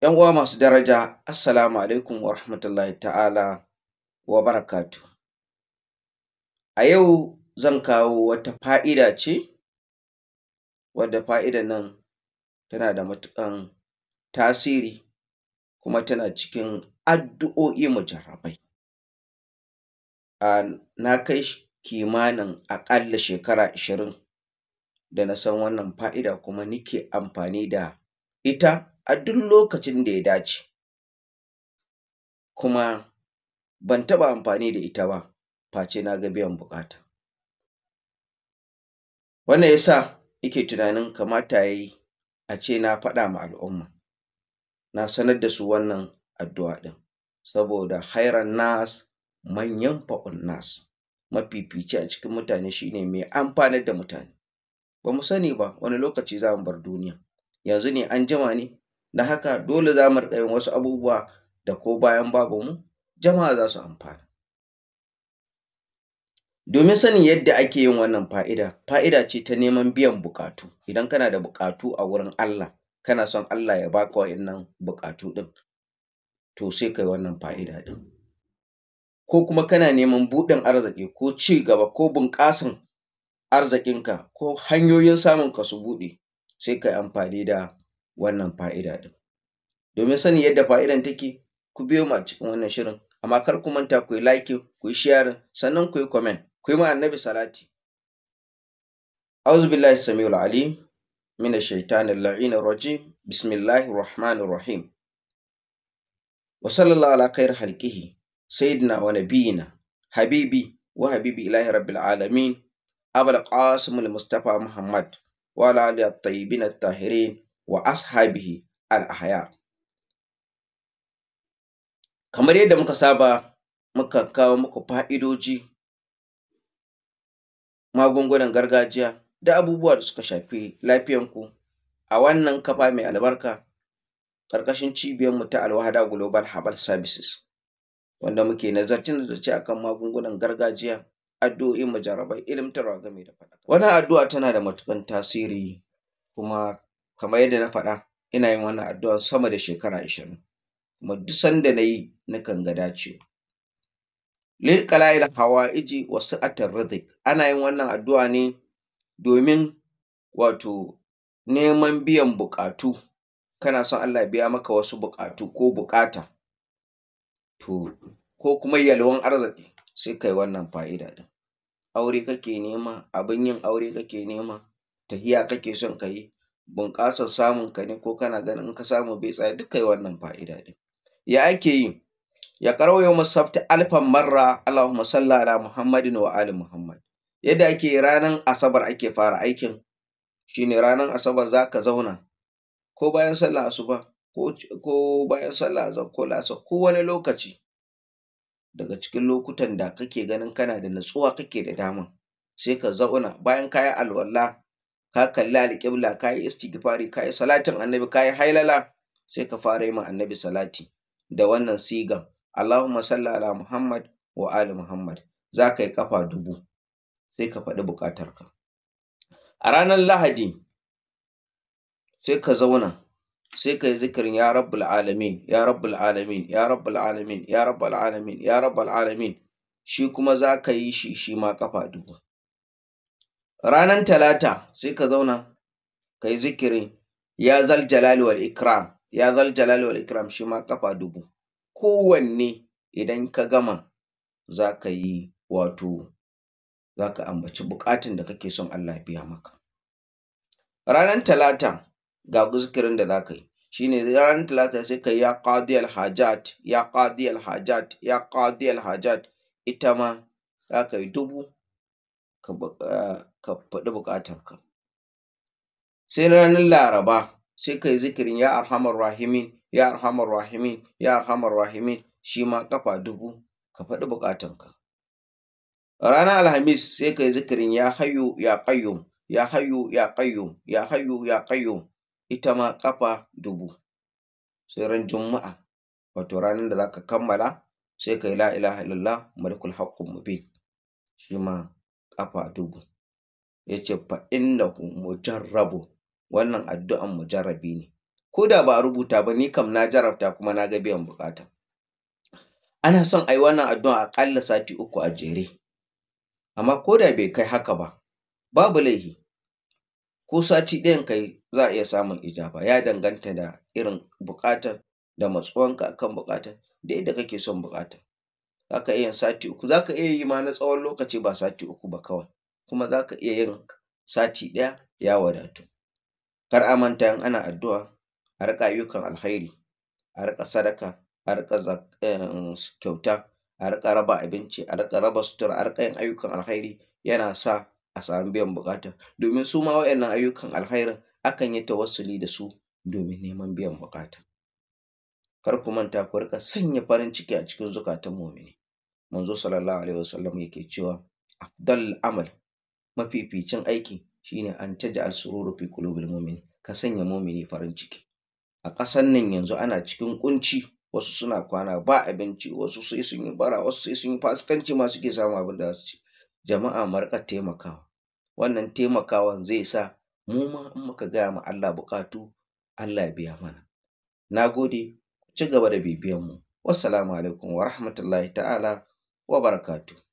'Yan uwa masu daraja, Assalamu alaikum wa rahmatullahi ta'ala wa barakatu. A yau zan kawo wata fa'ida ce, wadda fa'ida nan tana da matuƙan tasiri kuma tana cikin addu'o'i mujarrabai. A na kai kimanin aƙalla shekara ashirin da na san wannan fa'ida kuma nike amfani da ita. a duk lokacin da ya dace kuma ban taɓa amfani da ita ba face na ga biyan buƙata wannan yasa nake tunanin kamata ya yi, a ce na faɗa ma al'umma na sanar da su wannan addu'a ɗin saboda hairan nas manyan fa'un nas mafifici a cikin mutane shine mai amfanar da mutane ba mu sani ba wani lokaci za mu bar duniya yanzu ne an jima ne na haka dole za mu yin wasu abubuwa da ko bayan babu mu jama'a za su amfana domin sanin yadda ake yin wannan fa'ida fa'ida ce ta neman biyan bukatu idan kana da bukatu a wurin Allah kana son Allah ya baka wa'innan bukatu ɗin to sai kai wannan fa'ida ɗin ko kuma kana neman buɗin arziki ko ci gaba ko bunƙasan arzikinka ko hanyoyin samun ka su buɗe sai kai amfani da wannan fa'ida ɗin. Domin sanin yadda fa'idan take, ku biyo mu a cikin wannan shirin, amma kar ku manta ku yi like, ku yi sharing, sannan ku yi comment, ku yi ma annabi salati. Auzu billahi samiul ali mina ash-shaytanir la'inir rajim. Bismillahir rahmanir rahim. Wa sallallahu ala khair halqihi sayyidina wa nabiyina habibi wa habibi ilahi rabbil alamin. Abul Qasim al-Mustafa Muhammad wa ala alihi at-tayyibin at-tahirin wa ashabihi al-ahya kamar yadda muka saba muka kawo muku fa'idoji magungunan gargajiya da abubuwa da suka shafi ku a wannan kafa mai albarka ƙarƙashin mu ta alwahada global herbal services wanda muke nazartin da ce akan magungunan gargajiya addu'o'in majarabai ilimtarwa game da faɗa wannan addu'a tana da matukan tasiri kuma kamar yadda na faɗa ina yin wannan addu'an sama da shekara ashirin kuma duk sanda na yi nakan ga dacewa lil qalayil hawaiji wasu sa'atir ana yin wannan addu'a ne domin wato neman biyan buƙatu kana son Allah ya biya maka wasu buƙatu ko buƙata? to ko kuma yalwan arziki sai kai wannan fa'ida din aure kake nema abin yin aure kake nema tahiya kake son ka yi bunƙasar samun ka ne ko kana ganin in ka samu bai tsaya duk kai wannan fa'ida ɗin ya ake yi ya karo yau musabti alfan marra Allahumma salla ala Muhammadin wa ali Muhammad yadda ake ranar asabar ake fara aikin shine ranar asabar za ka zauna ko bayan sallah asuba ko bayan sallah ko lasa ko wani lokaci daga cikin lokutan da kake ganin kana da natsuwa kake da dama sai ka zauna bayan kayan alwala ka kalli alƙibla ka yi istighfari ka yi salatin annabi ka yi hailala sai ka fara yi ma annabi salati da wannan sigan Allahumma salli ala Muhammad wa ali Muhammad za ka yi kafa dubu sai ka faɗi buƙatarka a ranar Lahadi sai ka zauna sai ka yi zikirin ya rabbul alamin ya rabbul alamin ya rabbul alamin ya rabbul alamin ya rabbul alamin shi kuma za ka yi shi shi ma kafa dubu ranar talata sai ka zauna ka yi zikiri ya zal jalali wal ikram ya zal jalali wal ikram shi ma kafa dubu kowanne idan ka gama za ka yi wato za ka ambaci bukatun da kake son Allah biya maka ranar talata ga zikirin da za ka yi shi ne ranar talata sai ka ya qadi al hajat ya qadi al hajat ya qadi al hajat ita ma za ka yi dubu Eh, ka faɗi buƙatarka sai ranar laraba sai ka yi zikirin ya arhamar rahimin ya arhamar rahimin ya arhamar rahimin shi ma ƙafa dubu ka faɗi buƙatanka ranar alhamis sai ka yi zikirin ya hayu ya qayyum ya hayu ya qayyum ya hayu ya qayyum ita ma ƙafa dubu sai ran juma'a wato ranar da za ka kammala sai ka yi la'ilaha illallah malikul haqqul mubin shi ma ƙafa dubu ya ce fa innahu mujarrabu wannan addu'an mujarrabi ne ko da ba a rubuta ba ni kam na jarabta kuma na ga biyan bukata ana son a yi wannan addu'a aƙalla sati uku a jere amma ko da bai kai haka ba babu laifi. ko sati ɗayan kai za a iya samun ijaba ya danganta da irin buƙatar da matsuwanka akan buƙatar da yadda kake son buƙatar za ka iya yin sati uku za ka iya yi ma na tsawon lokaci ba sati uku ba kawai kuma za ka iya yin sati ɗaya ya wadatu kar a manta in ana addu'a a riƙa ayyukan alkhairi a riƙa sadaka a riƙa eh, kyauta a riƙa raba abinci a riƙa raba sutura a riƙa yin ayyukan alkhairi yana sa a samu biyan buƙata domin su ma waɗannan ayyukan alkhairin akan yi tawassuli da su domin neman biyan buƙata kar ku manta ku rika sanya farin ciki a cikin zukatan mumini manzo sallallahu alaihi wasallam yake cewa afdal amal mafificin aiki shine an taja al-sururu fi qulubil mu'mini ka sanya mumini farin ciki a ƙasan nan yanzu ana cikin kunci wasu suna kwana ba abinci wasu sai sun yi bara wasu sai sun yi fasikanci ma suke samu abin da su ci jama'a marka taimakawa wannan taimakawan zai sa mu ma in muka gaya ma Allah bukatu Allah ya biya mana na gode ci gaba da bibiyanmu. Wassalamu alaikum wa rahmatullahi ta'ala wa barakatu.